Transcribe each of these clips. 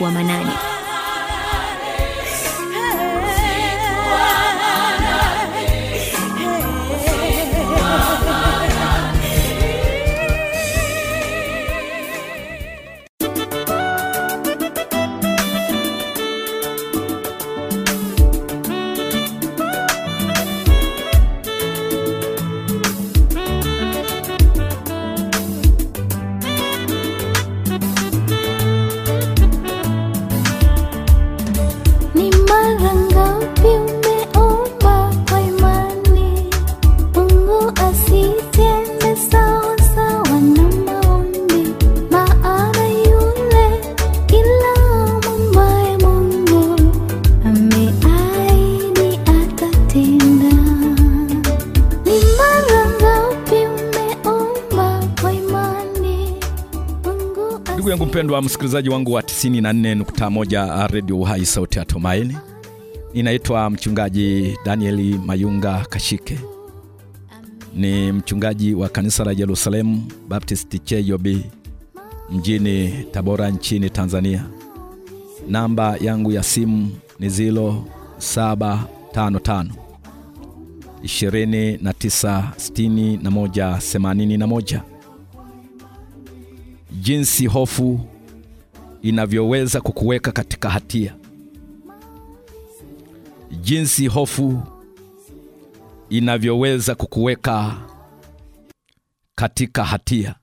uaminifu wa Manane. Mpendwa msikilizaji wangu wa 94.1 Radio Uhai sauti ya Tumaini. Ninaitwa mchungaji Danieli Mayunga Kashike. Ni mchungaji wa kanisa la jerusalemu Baptist Cheyobi mjini Tabora nchini Tanzania. Namba yangu ya simu ni 0755 296181. Jinsi hofu inavyoweza kukuweka katika hatia, jinsi hofu inavyoweza kukuweka katika hatia.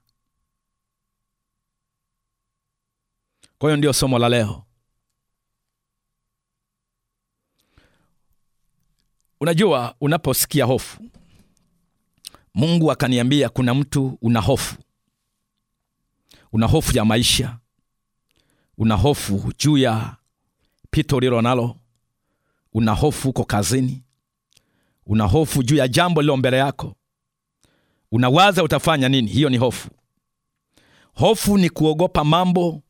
Kwa hiyo ndio somo la leo. Unajua, unaposikia hofu, Mungu akaniambia kuna mtu una hofu, una hofu ya maisha, una hofu juu ya pito ulilo nalo, una hofu uko kazini, una hofu juu ya jambo lilo mbele yako, unawaza utafanya nini. Hiyo ni hofu. Hofu ni kuogopa mambo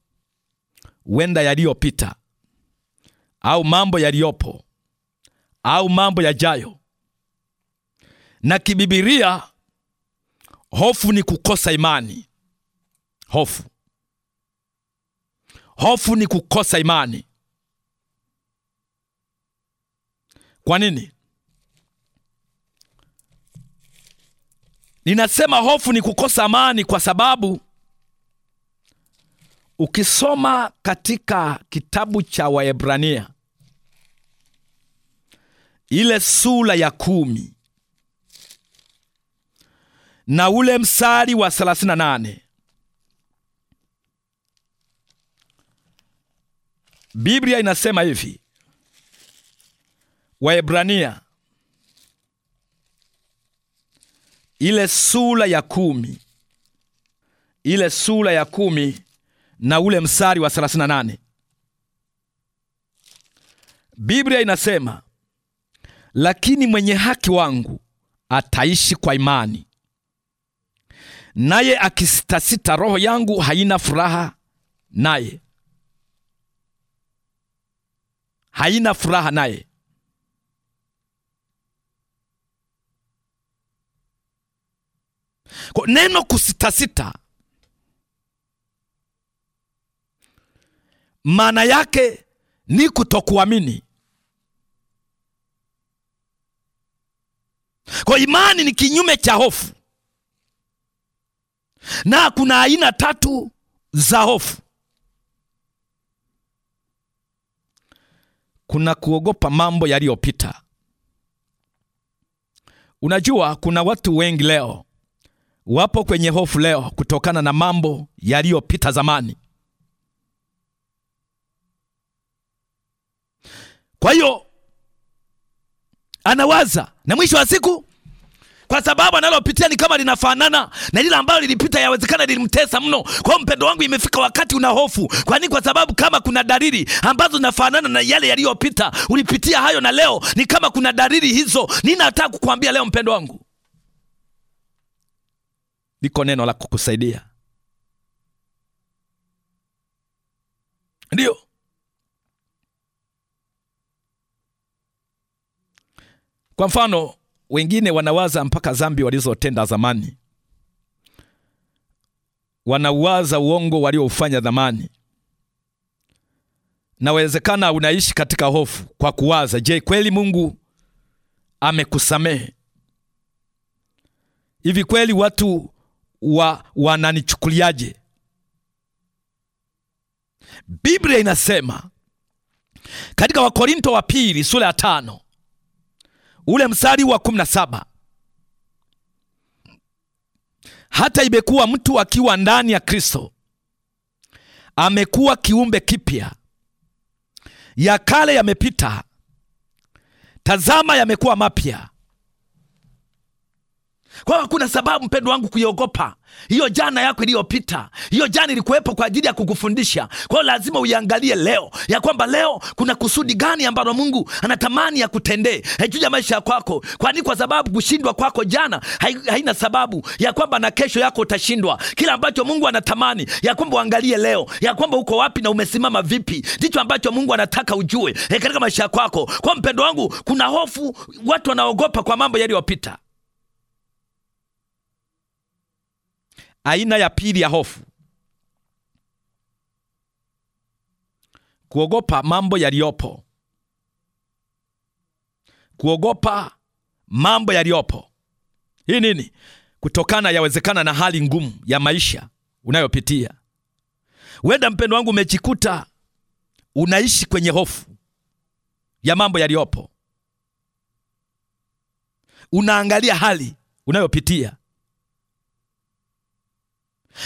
wenda yaliyopita au mambo yaliyopo au mambo yajayo. Na kibibilia, hofu ni kukosa imani. Hofu Hofu ni kukosa imani. Kwa nini ninasema hofu ni kukosa amani? Kwa sababu ukisoma katika kitabu cha Waebrania ile sura ya kumi na ule msari wa 38 Biblia inasema hivi, Waebrania ile sura ya kumi ile sura ya kumi na ule msari wa 38 Biblia inasema, lakini mwenye haki wangu ataishi kwa imani, naye akisitasita, roho yangu haina furaha naye haina furaha naye. Kwa neno kusitasita maana yake ni kutokuamini. Kwa imani ni kinyume cha hofu, na kuna aina tatu za hofu. kuna kuogopa mambo yaliyopita. Unajua, kuna watu wengi leo wapo kwenye hofu leo kutokana na mambo yaliyopita zamani. Kwa hiyo anawaza, na mwisho wa siku kwa sababu analopitia ni kama linafanana na lile ambalo lilipita, yawezekana lilimtesa mno. Kwa hiyo mpendo wangu, imefika wakati una hofu. Kwa nini? Kwa sababu kama kuna dalili ambazo zinafanana na yale yaliyopita, ulipitia hayo na leo ni kama kuna dalili hizo. Nini nataka kukuambia leo, mpendo wangu, liko neno la kukusaidia. Ndio kwa mfano wengine wanawaza mpaka zambi walizotenda zamani, wanawaza uongo walioufanya zamani. Nawezekana unaishi katika hofu kwa kuwaza, je, kweli Mungu amekusamehe? Hivi kweli watu wa wananichukuliaje? Biblia inasema katika Wakorinto wa pili sura ya tano ule mstari wa kumi na saba hata imekuwa mtu akiwa ndani ya Kristo amekuwa kiumbe kipya, ya kale yamepita, tazama, yamekuwa mapya. Kwa hiyo hakuna sababu mpendo wangu kuiogopa hiyo jana yako iliyopita. Hiyo jana ilikuwepo kwa ajili ya kukufundisha. Kwa hiyo lazima uiangalie leo ya kwamba leo kuna kusudi gani ambalo Mungu anatamani ya kutendee haichuja maisha ya kwako, kwani kwa sababu kushindwa kwako jana haina sababu ya kwamba na kesho yako utashindwa. Kila ambacho Mungu anatamani ya kwamba uangalie leo ya kwamba uko wapi na umesimama vipi, ndicho ambacho Mungu anataka ujue eh, katika maisha ya kwako. Kwa mpendo wangu, kuna hofu, watu wanaogopa kwa mambo yaliyopita. Aina ya pili ya hofu, kuogopa mambo yaliyopo, kuogopa mambo yaliyopo. Hii nini? Kutokana yawezekana na hali ngumu ya maisha unayopitia. Wenda mpendo wangu, umejikuta unaishi kwenye hofu ya mambo yaliyopo, unaangalia hali unayopitia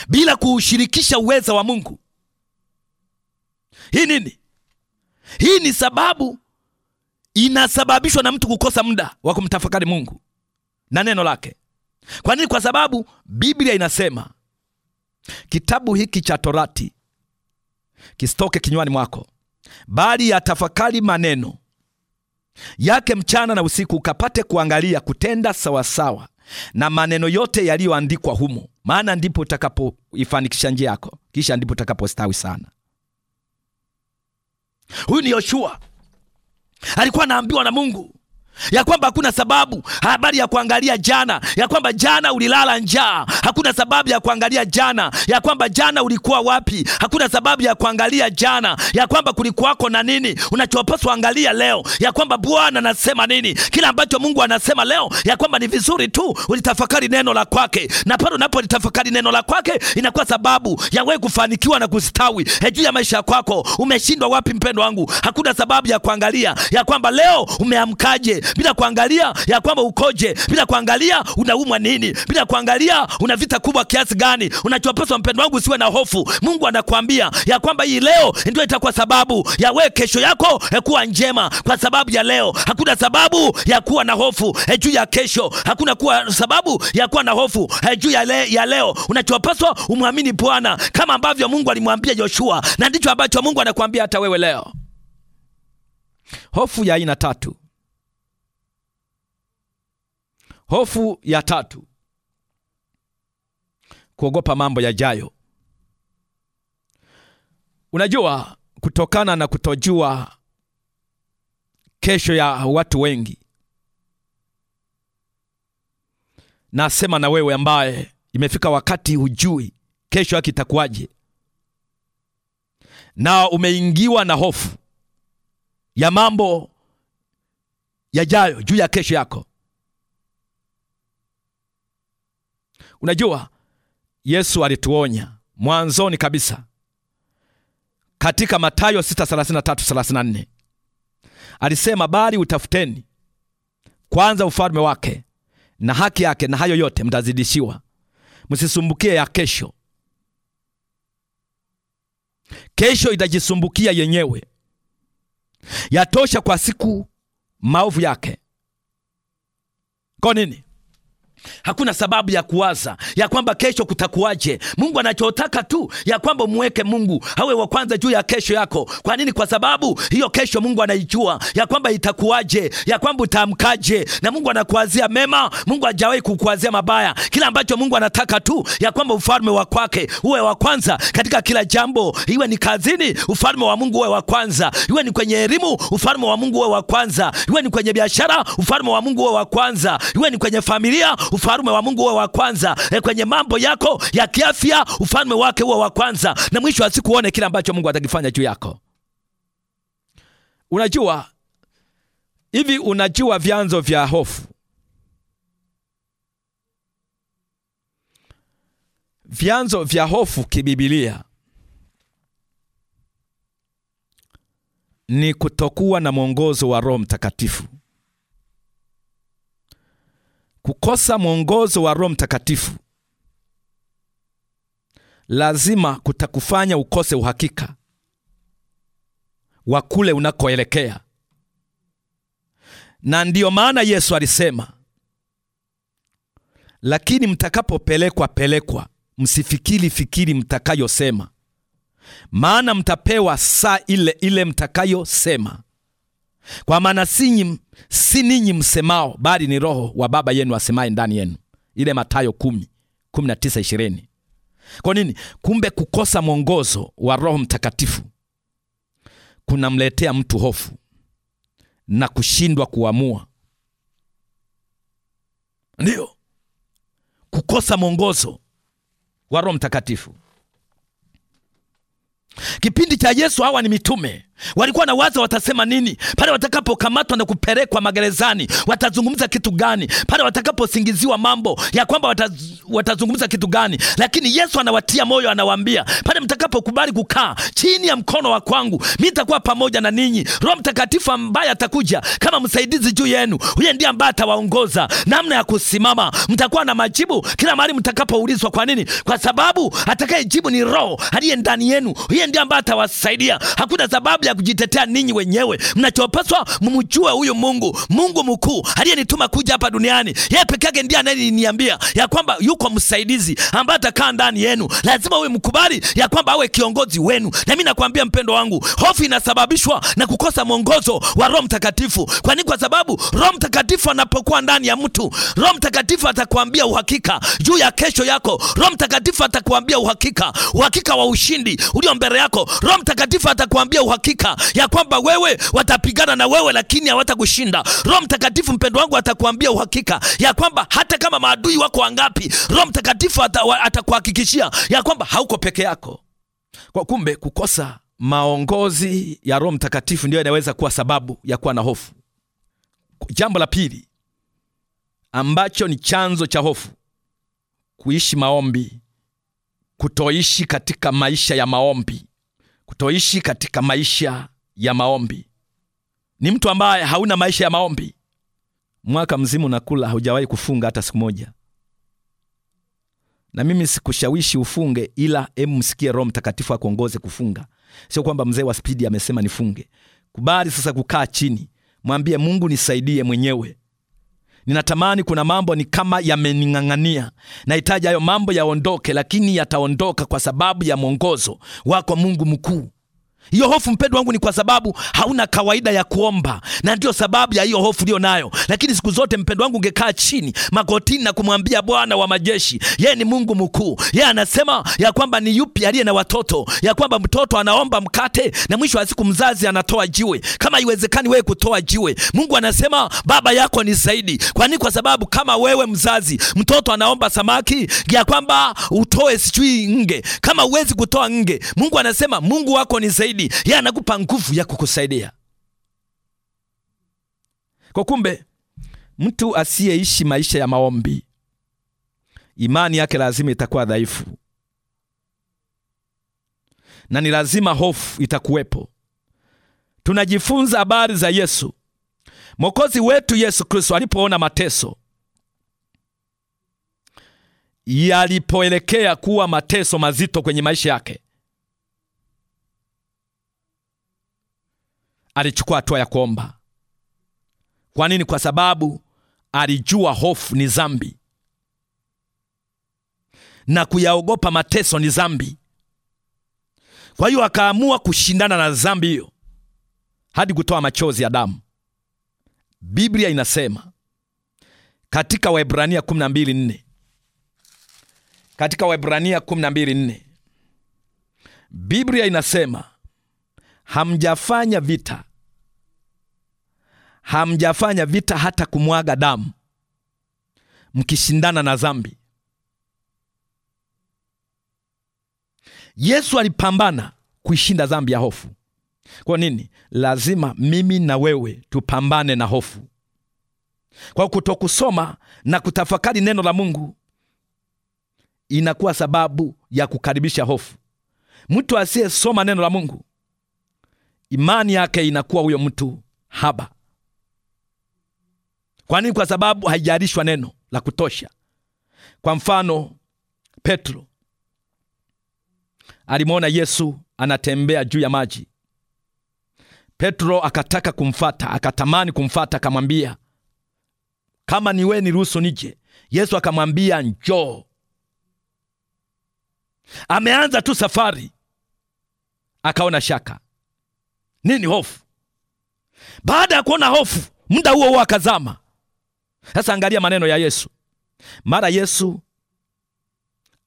bila kuushirikisha uweza wa Mungu. Hii nini? Hii ni sababu inasababishwa na mtu kukosa muda wa kumtafakari Mungu na neno lake. Kwa nini? Kwa sababu Biblia inasema kitabu hiki cha Torati kisitoke kinywani mwako, bali yatafakari maneno yake mchana na usiku, ukapate kuangalia kutenda sawasawa na maneno yote yaliyoandikwa humo, maana ndipo utakapoifanikisha njia yako, kisha ndipo utakapostawi sana. Huyu ni Yoshua, alikuwa anaambiwa na Mungu ya kwamba hakuna sababu habari ya kuangalia jana, ya kwamba jana ulilala njaa. Hakuna sababu ya kuangalia jana, ya kwamba jana ulikuwa wapi. Hakuna sababu ya kuangalia jana, ya kwamba kulikuwako na nini. Unachopaswa angalia leo, ya kwamba Bwana anasema nini. Kila ambacho Mungu anasema leo, ya kwamba ni vizuri tu ulitafakari neno la kwake, na pale unapolitafakari neno la kwake inakuwa sababu ya wewe kufanikiwa na kustawi e, juu ya maisha kwako. Umeshindwa wapi, mpendo wangu? Hakuna sababu ya kuangalia ya kwamba leo umeamkaje bila kuangalia ya kwamba ukoje, bila kuangalia unaumwa nini, bila kuangalia una vita kubwa kiasi gani unachopaswa. Mpendo wangu, usiwe na hofu. Mungu anakuambia ya kwamba hii leo ndio itakuwa sababu ya wewe kesho yako eh, kuwa njema, kwa sababu ya leo. Hakuna sababu ya kuwa na hofu eh, juu ya kesho, hakuna kuwa sababu ya kuwa na hofu eh, juu ya, le, ya leo. Unachopaswa umwamini Bwana kama ambavyo Mungu alimwambia Joshua, na ndicho ambacho Mungu anakuambia hata wewe leo. Hofu ya aina tatu Hofu ya tatu, kuogopa mambo yajayo. Unajua, kutokana na kutojua kesho ya watu wengi, nasema na wewe ambaye imefika wakati hujui kesho yake itakuwaje, na umeingiwa na hofu ya mambo yajayo juu ya kesho yako Unajua, Yesu alituonya mwanzoni kabisa katika Mathayo 6:33-34 alisema, bali utafuteni kwanza ufalme wake na haki yake, na hayo yote mtazidishiwa. Msisumbukie ya kesho, kesho itajisumbukia yenyewe. Yatosha kwa siku maovu yake. Kwa nini? Hakuna sababu ya kuwaza ya kwamba kesho kutakuwaje. Mungu anachotaka tu ya kwamba umweke Mungu awe wa kwanza juu ya kesho yako. Kwa nini? Kwa sababu hiyo kesho Mungu anaijua ya kwamba itakuwaje, ya kwamba utamkaje, na Mungu anakuwazia mema. Mungu hajawahi kukuwazia mabaya. Kila ambacho Mungu anataka tu ya kwamba ufalme wa kwake uwe wa kwanza katika kila jambo, iwe ni kazini, ufalme wa Mungu uwe wa kwanza, iwe ni kwenye elimu, ufalme wa Mungu uwe wa kwanza, iwe ni kwenye biashara, ufalme wa Mungu uwe wa kwanza, iwe ni kwenye familia ufalme wa Mungu uwe wa kwanza e, kwenye mambo yako ya kiafya, ufalme wake uwe wa kwanza, na mwisho wa siku uone kile ambacho Mungu atakifanya juu yako. Unajua hivi, unajua vyanzo vya hofu vyanzo vya hofu kibibilia ni kutokuwa na mwongozo wa Roho Mtakatifu kukosa mwongozo wa Roho Mtakatifu lazima kutakufanya ukose uhakika wa kule unakoelekea, na ndiyo maana Yesu alisema, lakini mtakapopelekwa pelekwa, msifikiri fikiri mtakayosema, maana mtapewa saa ile ile mtakayosema. Kwa maana si, si ninyi msemao, bali ni Roho wa Baba yenu asemaye ndani yenu. Ile matayo 10, 19, 20. Kwa nini? Kumbe kukosa mwongozo wa Roho Mtakatifu kunamletea mtu hofu na kushindwa kuamua. Ndiyo, kukosa mwongozo wa Roho Mtakatifu. Kipindi cha Yesu hawa ni mitume Walikuwa na waza watasema nini pale watakapokamatwa na kupelekwa magerezani, watazungumza kitu gani? Pale watakaposingiziwa mambo ya kwamba wataz, watazungumza kitu gani? Lakini Yesu anawatia moyo, anawaambia pale mtakapokubali kukaa chini ya mkono wa kwangu, mi nitakuwa pamoja na ninyi. Roho Mtakatifu ambaye atakuja kama msaidizi juu yenu, huye ndiye ambaye atawaongoza namna ya kusimama. Mtakuwa na majibu kila mahali mtakapoulizwa. Kwa nini? Kwa sababu atakayejibu ni Roho aliye ndani yenu, huye ndiye ambaye atawasaidia. Hakuna sababu ya kujitetea ninyi wenyewe. Mnachopaswa mumjue huyu Mungu, Mungu mkuu aliyenituma kuja hapa duniani. Yeye peke yake ndiye anayeniambia ya kwamba yuko msaidizi ambaye atakaa ndani yenu. Lazima uwe mkubali ya kwamba awe kiongozi wenu, na mimi nakwambia mpendo wangu, hofu inasababishwa na kukosa mwongozo wa Roho Mtakatifu. nini? kwa sababu Roho Mtakatifu anapokuwa ndani ya mtu, Roho Mtakatifu atakwambia uhakika juu ya kesho yako. Roho Mtakatifu atakwambia uhakika, uhakika wa ushindi ulio mbele yako. Roho Mtakatifu atakwambia uhakika uhakika ya kwamba wewe watapigana na wewe, lakini hawatakushinda. Roho Mtakatifu mpendo wangu atakuambia uhakika ya kwamba hata kama maadui wako wangapi, Roho Mtakatifu atakuhakikishia ya kwamba hauko peke yako. Kwa kumbe kukosa maongozi ya Roho Mtakatifu ndio inaweza kuwa sababu ya kuwa na hofu. Jambo la pili ambacho ni chanzo cha hofu, kuishi maombi, kutoishi katika maisha ya maombi kutoishi katika maisha ya maombi. Ni mtu ambaye hauna maisha ya maombi, mwaka mzima unakula, haujawahi kufunga hata siku moja. Na mimi sikushawishi ufunge, ila hemu msikie Roho Mtakatifu akuongoze kufunga. Sio kwamba mzee wa spidi amesema nifunge. Kubali sasa kukaa chini, mwambie Mungu, nisaidie mwenyewe Ninatamani kuna mambo ni kama yamening'ang'ania. Nahitaji hayo mambo yaondoke, lakini yataondoka kwa sababu ya mwongozo wako Mungu mkuu. Hiyo hofu mpendo wangu, ni kwa sababu hauna kawaida ya kuomba, na ndio sababu ya hiyo hofu ulio nayo. Lakini siku zote mpendo wangu, ungekaa chini magotini na kumwambia Bwana wa majeshi, yeye ni Mungu mkuu. Yeye anasema ya kwamba ni yupi aliye na watoto, ya kwamba mtoto anaomba mkate na mwisho wa siku mzazi anatoa jiwe? Kama iwezekani wewe kutoa jiwe, Mungu anasema baba yako ni zaidi. Kwani kwa sababu kama wewe mzazi, mtoto anaomba samaki ya kwamba utoe sijui nge, kama uwezi kutoa nge, Mungu anasema Mungu wako ni zaidi zaidi, yeye anakupa nguvu ya kukusaidia. Kwa kumbe, mtu asiyeishi maisha ya maombi, imani yake lazima itakuwa dhaifu, na ni lazima hofu itakuwepo. Tunajifunza habari za Yesu Mwokozi wetu Yesu Kristo alipoona mateso yalipoelekea kuwa mateso mazito kwenye maisha yake, alichukua hatua ya kuomba. Kwa nini? Kwa sababu alijua hofu ni zambi na kuyaogopa mateso ni zambi Kwa hiyo akaamua kushindana na zambi hiyo hadi kutoa machozi ya damu. Biblia inasema katika Waebrania 12:4, katika Waebrania 12:4 Biblia inasema hamjafanya vita, hamjafanya vita hata kumwaga damu, mkishindana na dhambi. Yesu alipambana kuishinda dhambi ya hofu. Kwa nini? Lazima mimi na wewe tupambane na hofu kwa kutokusoma na kutafakari neno la Mungu inakuwa sababu ya kukaribisha hofu. Mtu asiyesoma neno la Mungu imani yake inakuwa huyo mtu haba. Kwa nini? Kwa sababu haijalishwa neno la kutosha. Kwa mfano, Petro alimwona Yesu anatembea juu ya maji. Petro akataka kumfata, akatamani kumfata, akamwambia kama ni wewe niruhusu nije. Yesu akamwambia njoo. Ameanza tu safari, akaona shaka nini hofu? Baada ya kuona hofu, muda huo huo akazama. Sasa angalia maneno ya Yesu. Mara Yesu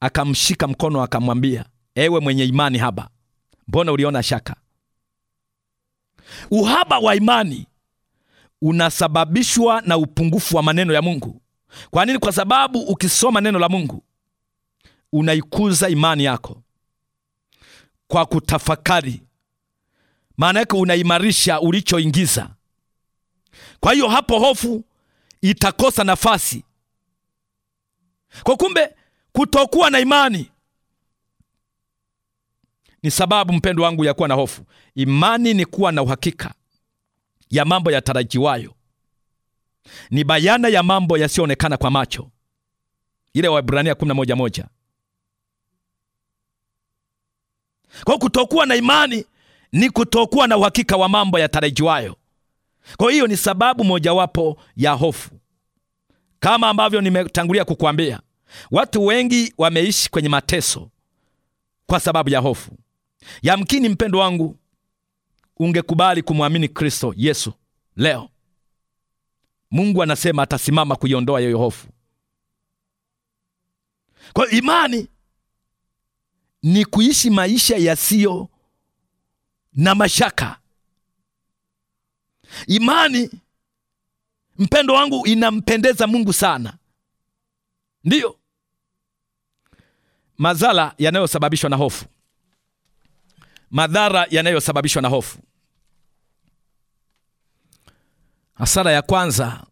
akamshika mkono akamwambia, ewe mwenye imani haba, mbona uliona shaka? Uhaba wa imani unasababishwa na upungufu wa maneno ya Mungu. Kwa nini? Kwa sababu ukisoma neno la Mungu unaikuza imani yako kwa kutafakari maana yake unaimarisha ulichoingiza. Kwa hiyo hapo hofu itakosa nafasi. Kwa kumbe, kutokuwa na imani ni sababu mpendo wangu ya kuwa na hofu. Imani ni kuwa na uhakika ya mambo yatarajiwayo, ni bayana ya mambo yasiyoonekana kwa macho, ile Waebrania 11:1. Kwa kutokuwa na imani ni kutokuwa na uhakika wa mambo yatarajiwayo. Kwa hiyo ni sababu mojawapo ya hofu. Kama ambavyo nimetangulia kukuambia, watu wengi wameishi kwenye mateso kwa sababu ya hofu. Yamkini mpendo wangu, ungekubali kumwamini Kristo Yesu leo, Mungu anasema atasimama kuiondoa yoyo hofu. Kwa imani ni kuishi maisha yasiyo na mashaka. Imani, mpendo wangu, inampendeza Mungu sana. Ndiyo madhara yanayosababishwa na hofu, madhara yanayosababishwa na hofu. Hasara ya kwanza,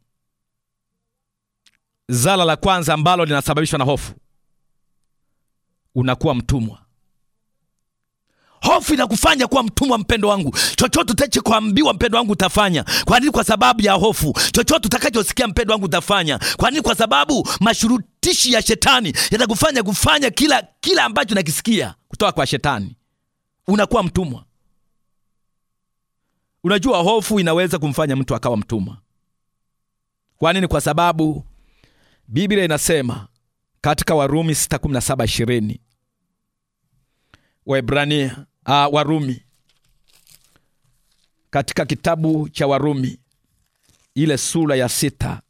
zala la kwanza ambalo linasababishwa na hofu, unakuwa mtumwa. Hofu inakufanya kuwa mtumwa, mpendo wangu. Chochote utachokuambiwa, mpendo wangu utafanya. Kwa nini? Kwa sababu ya hofu. Chochote utakachosikia mpendo wangu utafanya. Kwa nini? Kwa sababu mashurutishi ya shetani yatakufanya kufanya kila kila ambacho nakisikia kutoka kwa shetani. Unakuwa mtumwa. Unajua, hofu inaweza kumfanya mtu akawa mtumwa. Kwa nini? Kwa sababu Biblia inasema katika Warumi 6:17-20, Waebrania uh, Warumi, katika kitabu cha Warumi ile sura ya sita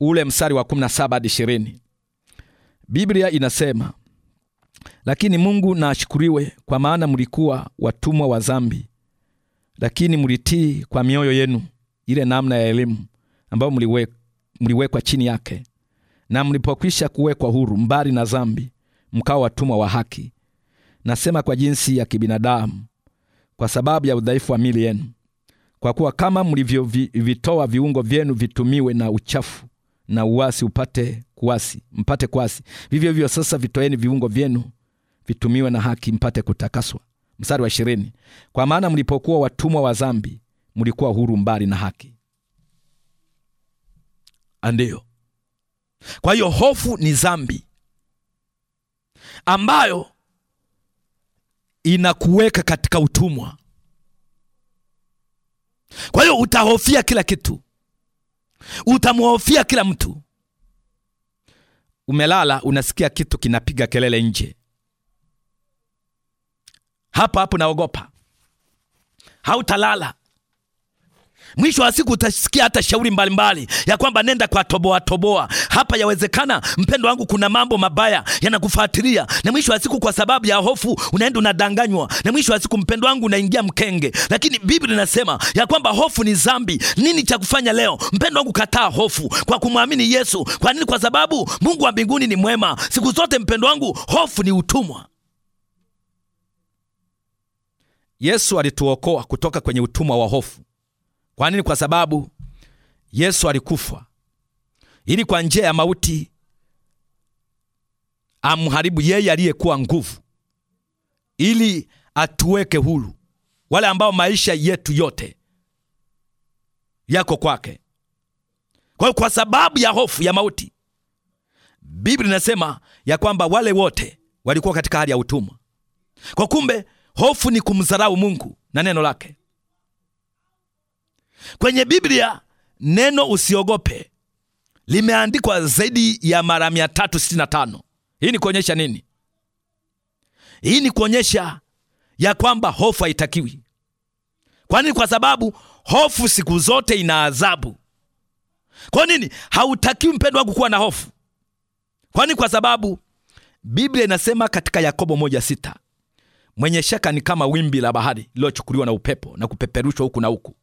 ule msari wa kumi na saba hadi ishirini Biblia inasema lakini Mungu na ashukuriwe, kwa maana mlikuwa watumwa wa zambi, lakini mlitii kwa mioyo yenu ile namna ya elimu ambayo mliwekwa chini yake, na mlipokwisha kuwekwa huru mbali na zambi, mkawa watumwa wa haki. Nasema kwa jinsi ya kibinadamu, kwa sababu ya udhaifu wa mili yenu. Kwa kuwa kama mlivyovitoa viungo vyenu vitumiwe na uchafu na uwasi upate kuasi, mpate kuasi, vivyo hivyo sasa vitoeni viungo vyenu vitumiwe na haki mpate kutakaswa. Mstari wa ishirini, kwa maana mlipokuwa watumwa wa zambi mlikuwa huru mbali na haki. andiyo kwa hiyo hofu ni zambi ambayo inakuweka katika utumwa. Kwa hiyo utahofia kila kitu, utamhofia kila mtu. Umelala unasikia kitu kinapiga kelele nje, hapo hapo naogopa, hautalala Mwisho wa siku utasikia hata shauri mbalimbali mbali, ya kwamba nenda kwa toboa toboa hapa. Yawezekana mpendo wangu, kuna mambo mabaya yanakufuatilia, na mwisho wa siku kwa sababu ya hofu unaenda unadanganywa, na mwisho wa siku mpendo wangu unaingia mkenge. Lakini Biblia inasema ya kwamba hofu ni zambi. Nini cha kufanya leo mpendo wangu? Kataa hofu kwa kumwamini Yesu. Kwa nini? Kwa sababu Mungu wa mbinguni ni mwema siku zote. Mpendo wangu, hofu ni utumwa. Yesu alituokoa kutoka kwenye utumwa wa hofu. Kwa nini? Kwa sababu Yesu alikufa ili kwa njia ya mauti amharibu yeye aliyekuwa nguvu, ili atuweke huru wale ambao maisha yetu yote yako kwake. Kwa hiyo, kwa sababu ya hofu ya mauti, Biblia inasema ya kwamba wale wote walikuwa katika hali ya utumwa. Kwa kumbe, hofu ni kumdharau Mungu na neno lake. Kwenye Biblia neno usiogope limeandikwa zaidi ya mara 365. Hii ni kuonyesha nini? Hii ni kuonyesha ya kwamba hofu haitakiwi. nini? kwa sababu hofu siku zote ina adhabu. Kwa nini hautakiwi mpendo wangu kuwa na hofu? nini? kwa sababu Biblia inasema katika Yakobo moja sita mwenye shaka ni kama wimbi la bahari lilochukuliwa na upepo na kupeperushwa huku na huku.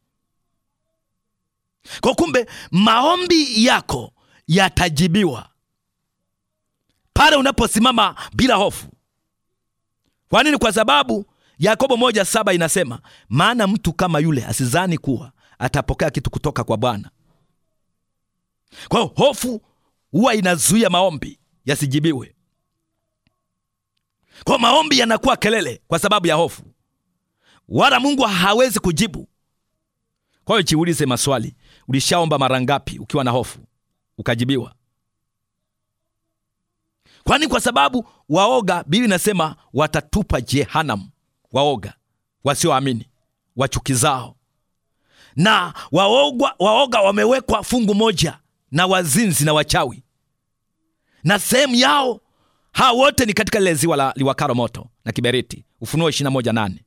Kwa kumbe maombi yako yatajibiwa pale unaposimama bila hofu. Kwa nini? Kwa sababu Yakobo moja saba inasema, maana mtu kama yule asizani kuwa atapokea kitu kutoka kwa Bwana. Kwa hiyo hofu huwa inazuia maombi yasijibiwe. Kwa maombi yanakuwa kelele kwa sababu ya hofu, wala Mungu hawezi kujibu. Kwa hiyo jiulize maswali, Ulishaomba mara ngapi ukiwa na hofu ukajibiwa? Kwani kwa sababu waoga, Biblia inasema watatupa jehanamu, waoga wasioamini, zao na waoga. Waoga wamewekwa fungu moja na wazinzi na wachawi, na sehemu yao hawa wote ni katika lile ziwa la liwakaro moto na kiberiti, Ufunuo nane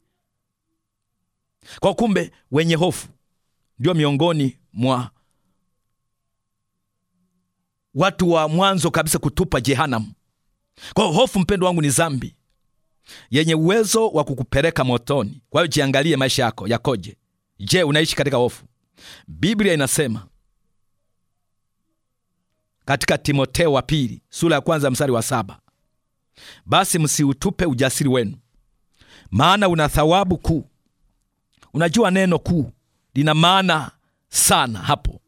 Kwa kumbe wenye hofu ndio miongoni mwa watu wa mwanzo kabisa kutupa jehanamu. Kwa hiyo hofu, mpendo wangu, ni zambi yenye uwezo wa kukupeleka motoni. Kwa hiyo jiangalie maisha yako yakoje. Je, unaishi katika hofu? Biblia inasema katika timoteo wa pili sura ya kwanza mstari wa saba basi msiutupe ujasiri wenu, maana una thawabu kuu. Unajua neno kuu lina maana sana hapo.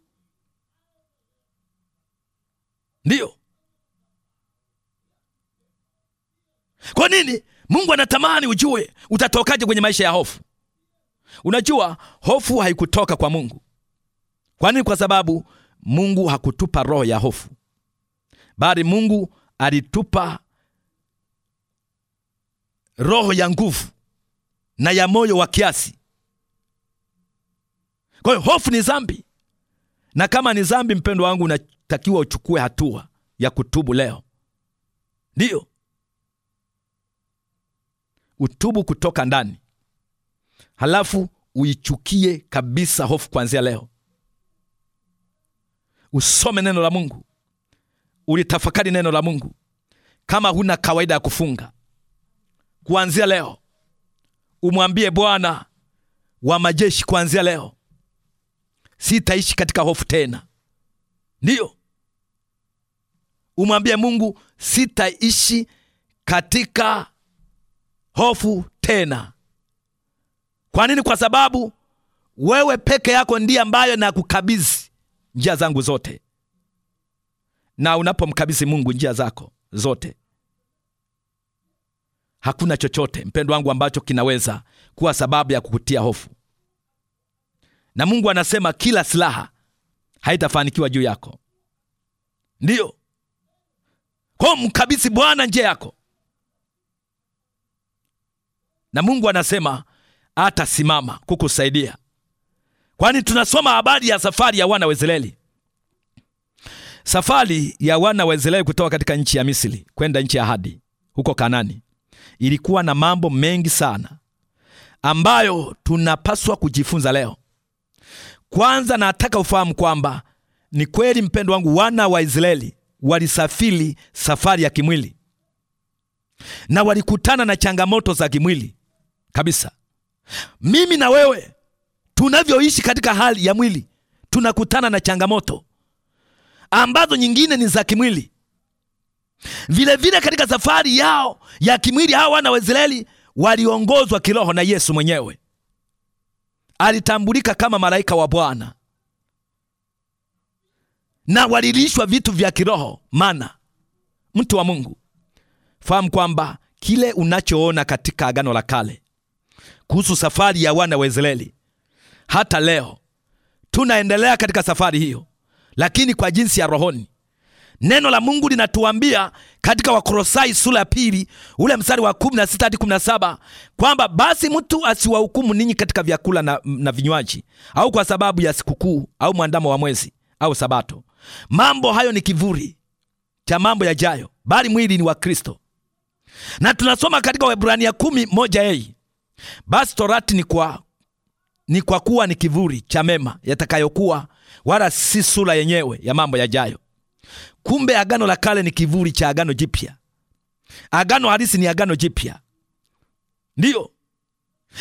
Ndiyo kwa nini Mungu anatamani ujue utatokaje kwenye maisha ya hofu. Unajua, hofu haikutoka kwa Mungu. Kwa nini? Kwa sababu Mungu hakutupa roho ya hofu, bali Mungu alitupa roho ya nguvu na ya moyo wa kiasi kwa hiyo hofu ni zambi na kama ni zambi mpendo wangu, unatakiwa uchukue hatua ya kutubu leo. Ndiyo, utubu kutoka ndani, halafu uichukie kabisa hofu kuanzia leo. Usome neno la Mungu, ulitafakari neno la Mungu. Kama huna kawaida ya kufunga, kuanzia leo umwambie Bwana wa majeshi, kuanzia leo sitaishi katika hofu tena. Ndiyo, umwambie Mungu, sitaishi katika hofu tena. Kwa nini? Kwa sababu wewe peke yako ndiye ambayo nakukabidhi njia zangu zote, na unapomkabidhi Mungu njia zako zote, hakuna chochote mpendo wangu ambacho kinaweza kuwa sababu ya kukutia hofu na Mungu anasema kila silaha haitafanikiwa juu yako. Ndiyo kwa mkabisi Bwana njia yako, na Mungu anasema atasimama kukusaidia, kwani tunasoma habari ya safari ya wana wa Israeli, safari ya wana wa Israeli kutoka katika nchi ya Misri kwenda nchi ya ahadi huko Kanani ilikuwa na mambo mengi sana ambayo tunapaswa kujifunza leo. Kwanza nataka ufahamu kwamba ni kweli, mpendo wangu, wana wa Israeli walisafiri safari ya kimwili na walikutana na changamoto za kimwili kabisa. Mimi na wewe tunavyoishi katika hali ya mwili tunakutana na changamoto ambazo nyingine ni za kimwili vilevile. Vile katika safari yao ya kimwili, hao wana wa Israeli waliongozwa kiroho na Yesu mwenyewe alitambulika kama malaika wa Bwana na walilishwa vitu vya kiroho mana. Mtu wa Mungu, fahamu kwamba kile unachoona katika Agano la Kale kuhusu safari ya wana wa Israeli, hata leo tunaendelea katika safari hiyo, lakini kwa jinsi ya rohoni Neno la Mungu linatuambia katika Wakolosai sura ya pili ule mstari wa 16 hadi 17 kwamba basi mtu asiwahukumu ninyi katika vyakula na, na vinywaji au kwa sababu ya sikukuu au mwandamo wa mwezi au Sabato. Mambo hayo ni kivuli cha mambo yajayo, bali mwili ni wa Kristo. Na tunasoma katika Waebrania kumi moja a basi torati ni kwa, ni kwa kuwa ni kivuli cha mema yatakayokuwa, wala si sura yenyewe ya mambo yajayo. Kumbe agano la kale ni kivuli cha agano jipya. Agano halisi ni agano jipya, ndiyo,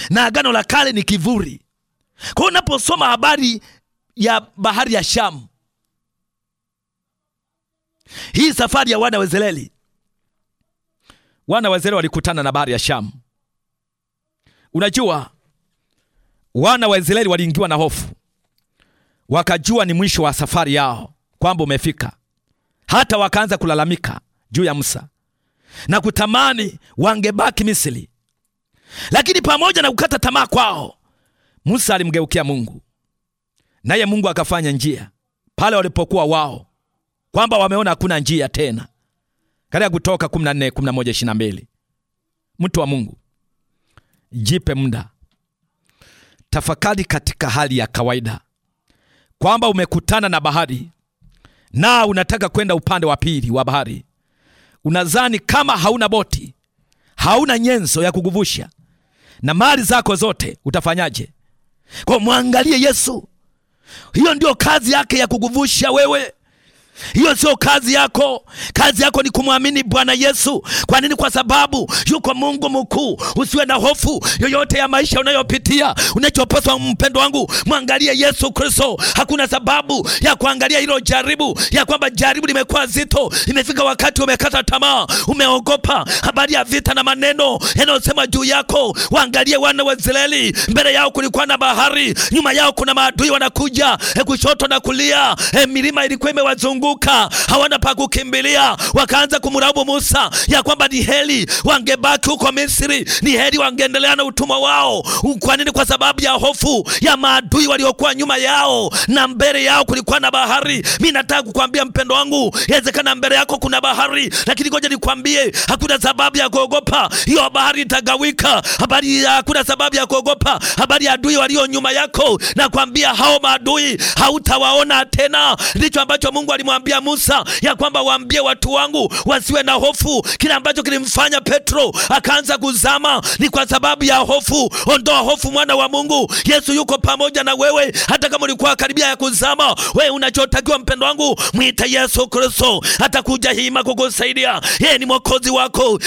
na agano la kale ni kivuli. Kwa hiyo unaposoma habari ya bahari ya Shamu, hii safari ya wana wa Israeli, wana wa Israeli walikutana na bahari ya Shamu. Unajua, wana wa Israeli waliingiwa na hofu, wakajua ni mwisho wa safari yao, kwamba umefika hata wakaanza kulalamika juu ya Musa na kutamani wangebaki Misri. Lakini pamoja na kukata tamaa kwao, Musa alimgeukia Mungu, naye Mungu akafanya njia pale walipokuwa wao kwamba wameona hakuna njia tena. Katika Kutoka 14, 22. Mtu wa Mungu, jipe muda, tafakari katika hali ya kawaida kwamba umekutana na bahari na unataka kwenda upande wa pili wa bahari, unadhani kama hauna boti, hauna nyenzo ya kuguvusha na mali zako zote utafanyaje? Kwa mwangalie Yesu, hiyo ndio kazi yake ya kuguvusha wewe. Hiyo sio kazi yako. Kazi yako ni kumwamini Bwana Yesu. Kwa nini? Kwa sababu yuko Mungu mkuu. Usiwe na hofu yoyote ya maisha unayopitia. Unachopaswa, mpendo wangu, mwangalie Yesu Kristo. Hakuna sababu ya kuangalia hilo jaribu ya kwamba jaribu limekuwa zito, imefika wakati umekata tamaa, umeogopa habari ya vita na maneno yanayosema juu yako. Waangalie wana wa Israeli, mbele yao kulikuwa na bahari, nyuma yao kuna maadui wanakuja, e, kushoto na kulia, e, milima ilikuwa imewazunguka kuzunguka, hawana pa kukimbilia. Wakaanza kumrabu Musa ya kwamba ni heli wangebaki huko Misri, ni heli wangeendelea na utumwa wao. Kwa nini? Kwa sababu ya hofu ya maadui waliokuwa nyuma yao, na mbele yao kulikuwa na bahari. Mi nataka kukwambia mpendo wangu, inawezekana mbele yako kuna bahari, lakini ngoja nikwambie, hakuna sababu ya kuogopa, hiyo bahari itagawika. Habari, ya hakuna sababu ya kuogopa habari ya adui walio nyuma yako. Nakwambia hao maadui hautawaona tena, ndicho ambacho Mungu alimwa kumwambia Musa ya kwamba waambie watu wangu wasiwe na hofu. Kile ambacho kilimfanya Petro akaanza kuzama ni kwa sababu ya hofu. Ondoa hofu, mwana wa Mungu. Yesu yuko pamoja na wewe, hata kama ulikuwa karibia ya kuzama. Wewe unachotakiwa mpendo wangu, mwita Yesu Kristo, atakuja hima kukusaidia. Yeye ni mwokozi wako,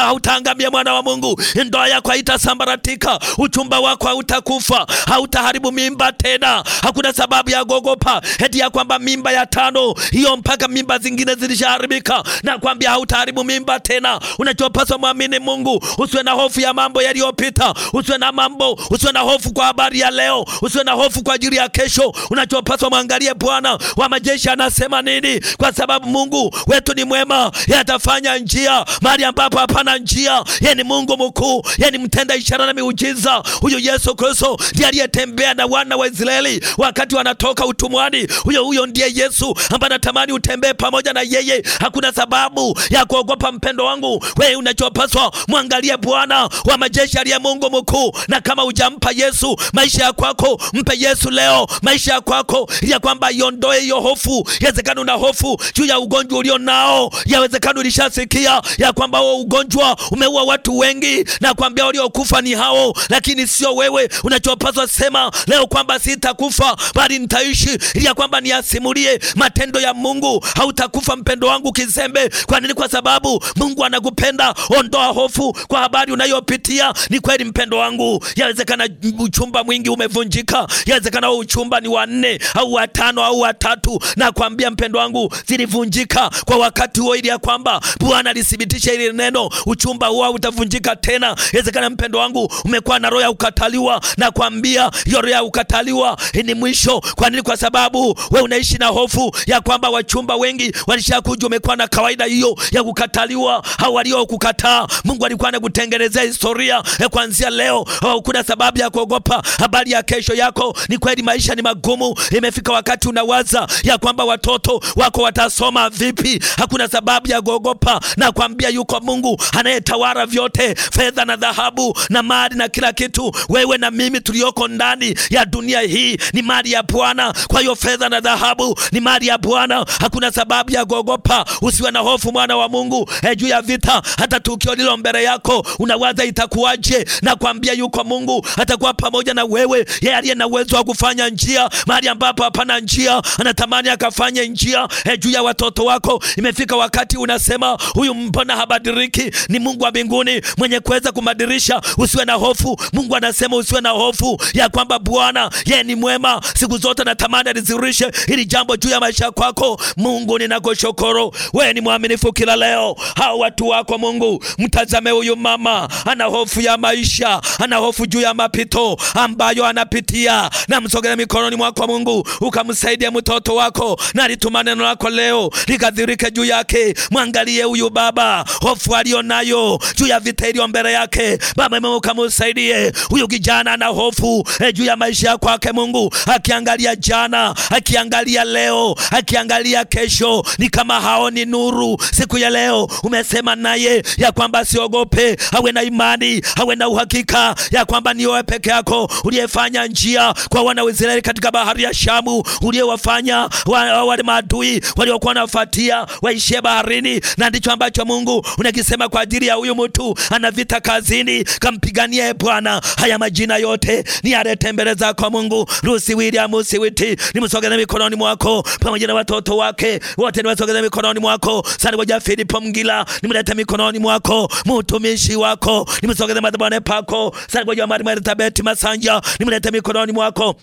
hautaangamia mwana wa Mungu. Ndoa yako haitasambaratika, uchumba wako hautakufa, hautaharibu mimba tena. Hakuna sababu ya gogopa heti ya kwamba mimba ya tano hiyo mpaka mimba zingine zilishaharibika. Na kwambia hautaharibu mimba tena. Unachopaswa mwamini Mungu, usiwe na hofu ya mambo yaliyopita, usiwe na mambo, usiwe na hofu kwa habari ya leo, usiwe na hofu kwa ajili ya kesho. Unachopaswa mwangalie Bwana wa majeshi anasema nini, kwa sababu Mungu wetu ni mwema, yeye atafanya njia mahali ambapo hapana njia. Yeye ni Mungu mkuu, yeye ni mtenda ishara na miujiza. huyu Yesu Kristo ndiye aliyetembea na wana wa Israeli wakati wanatoka utumwani. Huyo huyo ndiye Yesu ambaye unatamani utembee pamoja na yeye. Hakuna sababu ya kuogopa, mpendo wangu. Wewe unachopaswa mwangalie Bwana wa majeshi aliye Mungu mkuu, na kama hujampa Yesu maisha ya kwako, mpe Yesu leo maisha ya kwako, ya kwamba iondoe hiyo hofu. Yawezekana una hofu juu ya ugonjwa ulio nao, yawezekana ulishasikia ya kwamba huo ugonjwa umeua watu wengi, na kwambia waliokufa ni hao, lakini sio wewe. Unachopaswa sema leo kwamba sitakufa bali nitaishi, ili kwamba niasimulie matendo ya ya Mungu hautakufa mpendo wangu kizembe. Kwa nini? Kwa sababu Mungu anakupenda. Ondoa hofu kwa habari unayopitia. Ni kweli mpendo wangu, yawezekana uchumba mwingi umevunjika, yawezekana uchumba ni wanne au watano au watatu, na kwambia mpendo wangu zilivunjika kwa wakati huo, ili ya kwamba Bwana alithibitisha hili neno, uchumba huo utavunjika tena. Yawezekana mpendo wangu umekuwa na roho ya ukataliwa, na kwambia hiyo roho ya ukataliwa ni mwisho. Kwa nini? Kwa sababu we unaishi na hofu ya kwa kwamba wachumba wengi walishakuja, umekuwa na kawaida hiyo ya kukataliwa au waliokukataa. Mungu alikuwa anakutengenezea historia ya kuanzia leo. Hakuna oh, sababu ya kuogopa habari ya kesho yako. Ni kweli maisha ni magumu, imefika wakati unawaza ya kwamba watoto wako watasoma vipi. Hakuna sababu ya kuogopa, na kwambia yuko Mungu anayetawala vyote, fedha na dhahabu na mali na kila kitu. Wewe na mimi tulioko ndani ya dunia hii ni mali ya Bwana. Kwa hiyo fedha na dhahabu ni mali ya Bwana. Bwana, hakuna sababu ya kuogopa. Usiwe na hofu, mwana wa Mungu, e, juu ya vita. Hata tukio lilo mbele yako unawaza itakuwaje, na kwambia yuko Mungu, atakuwa pamoja na wewe. Yeye aliye na uwezo wa kufanya njia mahali ambapo hapana njia, anatamani akafanye njia e, juu ya watoto wako. Imefika wakati unasema huyu mbona habadiriki Ni Mungu wa mbinguni mwenye kuweza kubadilisha. Usiwe na hofu. Mungu anasema usiwe na hofu ya kwamba Bwana yeye ni mwema siku zote, anatamani alizirishe ili jambo juu ya maisha yako wako. Mungu ninakushukuru, we ni mwaminifu kila leo. Hao watu wako Mungu, mtazame huyu mama, ana hofu ya maisha, ana hofu juu ya mapito ambayo anapitia, na msogele mikononi mwako Mungu, ukamsaidia mtoto wako, na alituma neno lako leo likadhirike juu yake. Mwangalie huyu baba, hofu aliyo nayo juu ya vita iliyo mbele yake. Baba Mungu, ukamsaidie huyu kijana, ana hofu e, juu ya maisha yako Mungu, akiangalia jana, akiangalia leo, akiangalia akiangalia kesho ni kama haoni nuru. Siku ya leo umesema naye ya kwamba siogope, awe na imani, awe na uhakika ya kwamba ni wewe peke yako uliyefanya njia kwa wana wa Israeli katika bahari ya Shamu, uliyewafanya wale wa, wa maadui waliokuwa wanafuatia waishie baharini, na ndicho ambacho Mungu unakisema kwa ajili ya huyu mtu, ana vita kazini, kampigania Bwana. Haya majina yote ni alete kwa Mungu. Rusi William Musiwiti, nimsogeze mikononi mwako pamoja na watu watoto wake wote, niwasogeze mikononi mwako. Sanagoja Filipo Mgila, nimlete mikononi mwako. Mtumishi wako nimsogeze madhabahuni pako. Sanagoja Maria Tabeti Masanja, nimlete mikononi mwako.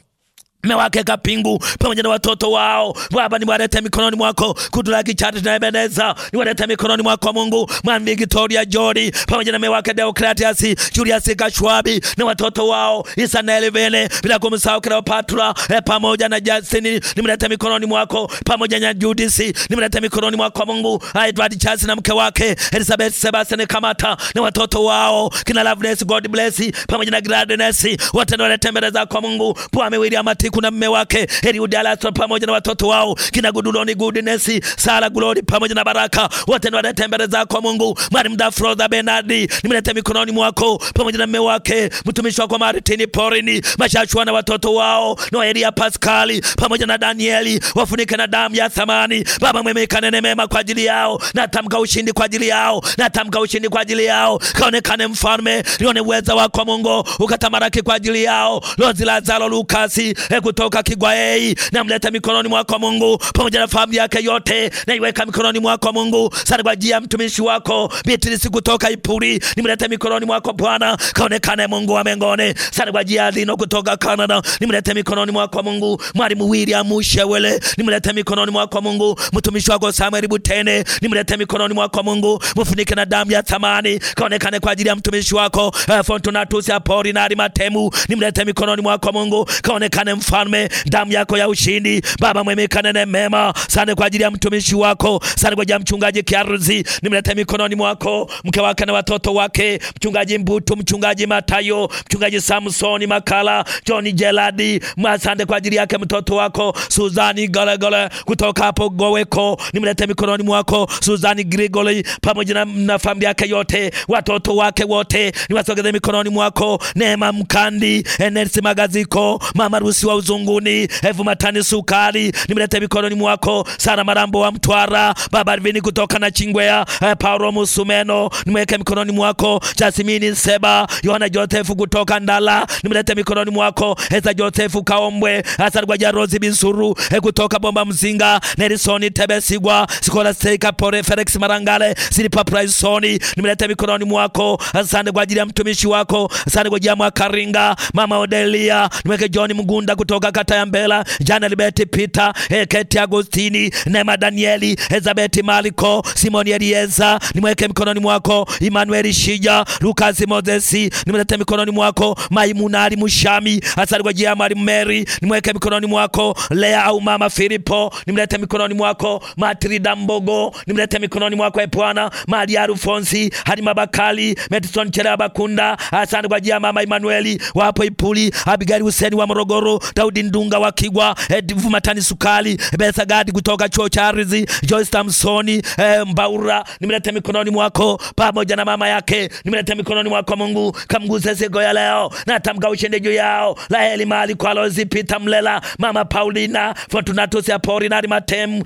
Mme wake Kapingu pamoja na watoto wao Baba, niwalete mikononi mwako. Kudulaki Charles na Ebeneza niwalete mikononi mwako Mungu. Mwambi Victoria Jori pamoja na mme wake Deogratias Julius Gashwabi na watoto wao Isa na Elevene, bila kumsahau Cleopatra e, eh, pamoja na Justin nimlete mikononi mwako, pamoja na Judith nimlete mikononi mwako Mungu. Edward Charles na mke wake Elizabeth Sebastian Kamata na watoto wao kina Loveless God bless pamoja na Gladness wote niwalete mbele zako Mungu. Bwana ya matiku kuna mme wake Eliud Alastra pamoja na watoto wao kina Guduloni Goodness Sara Glory pamoja na Baraka wote niwalete mbele zako Mungu. Mwalimu Dafroza Benardi nimelete mikononi mwako pamoja na mme wake mtumishi wako Martin Porini Mashashua na watoto wao Noelia Pascali pamoja na Danieli wafunike na damu ya thamani. Baba mwema, ikanene mema kwa ajili yao, natamka ushindi kwa ajili yao, natamka ushindi kwa ajili yao. Kaonekane mfalme, lione uweza wako Mungu ukatamaraki kwa ajili yao. Lozi Lazaro Lukasi yote kutoka Kigwaei, namleta mikononi mwako Mungu, pamoja na familia yake yote naiweka mikononi mwako Mungu. Sana kwa ajili ya mtumishi wako Beatrice kutoka Ipuri, nimlete mikononi mwako Bwana, kaonekane Mungu wa mengone. Sana kwa ajili ya Dino kutoka Canada, nimlete mikononi mwako Mungu. Mwalimu William Shewele, nimlete mikononi mwako Mungu. Mtumishi wako Samuel Butene, nimlete mikononi mwako Mungu, mfunike na damu ya thamani, kaonekane kwa ajili ya mtumishi wako eh, Fortunatus Apori na Arimatemu, nimlete mikononi mwako Mungu, kaonekane mfalme, damu yako ya ushindi. Baba mwema, ikanene mema. Asante kwa ajili ya mtumishi wako, asante kwa ajili ya mchungaji Kiaruzi, nimlete mikononi mwako, mke wake na watoto wake, mchungaji Mbutu, mchungaji Matayo, mchungaji Samsoni Makala, John Jeladi, asante kwa ajili yake mtoto wako Suzani Golegole kutoka hapo Goweko, nimlete mikononi mwako Suzani Grigoli pamoja na familia yake yote, watoto wake wote, niwasogeze mikononi mwako. Neema Mkandi, Enes Magaziko, mama Rusi wa uzunguni, vuma matani sukari, nimeleta mikononi mwako. Sara Marambo wa Mtwara, Baba Alvini kutoka na Chingwea, eh, Paulo Musumeno nimeweka mikononi mwako. Jasmine Seba, Yohana Josefu kutoka Ndala, nimeleta mikononi mwako. Esa Josefu Kaombwe, Asar kwa Jarozi Binsuru eh, kutoka Bomba Mzinga, Nelson Tebesigwa, Sikola Steika Pore, Felix Marangale, Silipa Price Praisoni, nimeleta mikononi mwako. Asante kwa ajili ya mtumishi wako, asante kwa ajili Karinga, Mama Odelia, nimeweka John Mgunda kutoka kutoka kata ya Mbela, Jana Libeti, Pita, eh, Heketi Agostini, Nema Danieli, Elizabeth, Maliko, Simoni, Elieza, nimweke mikononi mwako. Emmanuel Shija, Lucas Moses, nimlete mikononi mwako. Maimuna Ali Mushami, Asali kwa jia Mali Mary, nimweke mikononi mwako. Lea au mama Filipo, nimlete mikononi mwako. Matrida Mbogo, nimlete mikononi mwako e Bwana. Maria Rufonsi, Halima Bakali, Madison Chela Bakunda, asante kwa jia mama Emmanueli, wapo Ipuli, Abigail Hussein wa Morogoro Daudi Ndunga wa Kigwa, eh, Vumatani Sukali, Betha Gadi kutoka chuo cha Arizi, Joyce Tamsoni eh, Mbaura, nimeleta mikononi mwako pamoja na mama yake, nimeleta mikononi mwako Mungu, kamguse sego ya leo na tamka ushindi juu yao. Laheli mali kwa Lozi Pita Mlela, mama Paulina Fortunatus Apori na Matemu,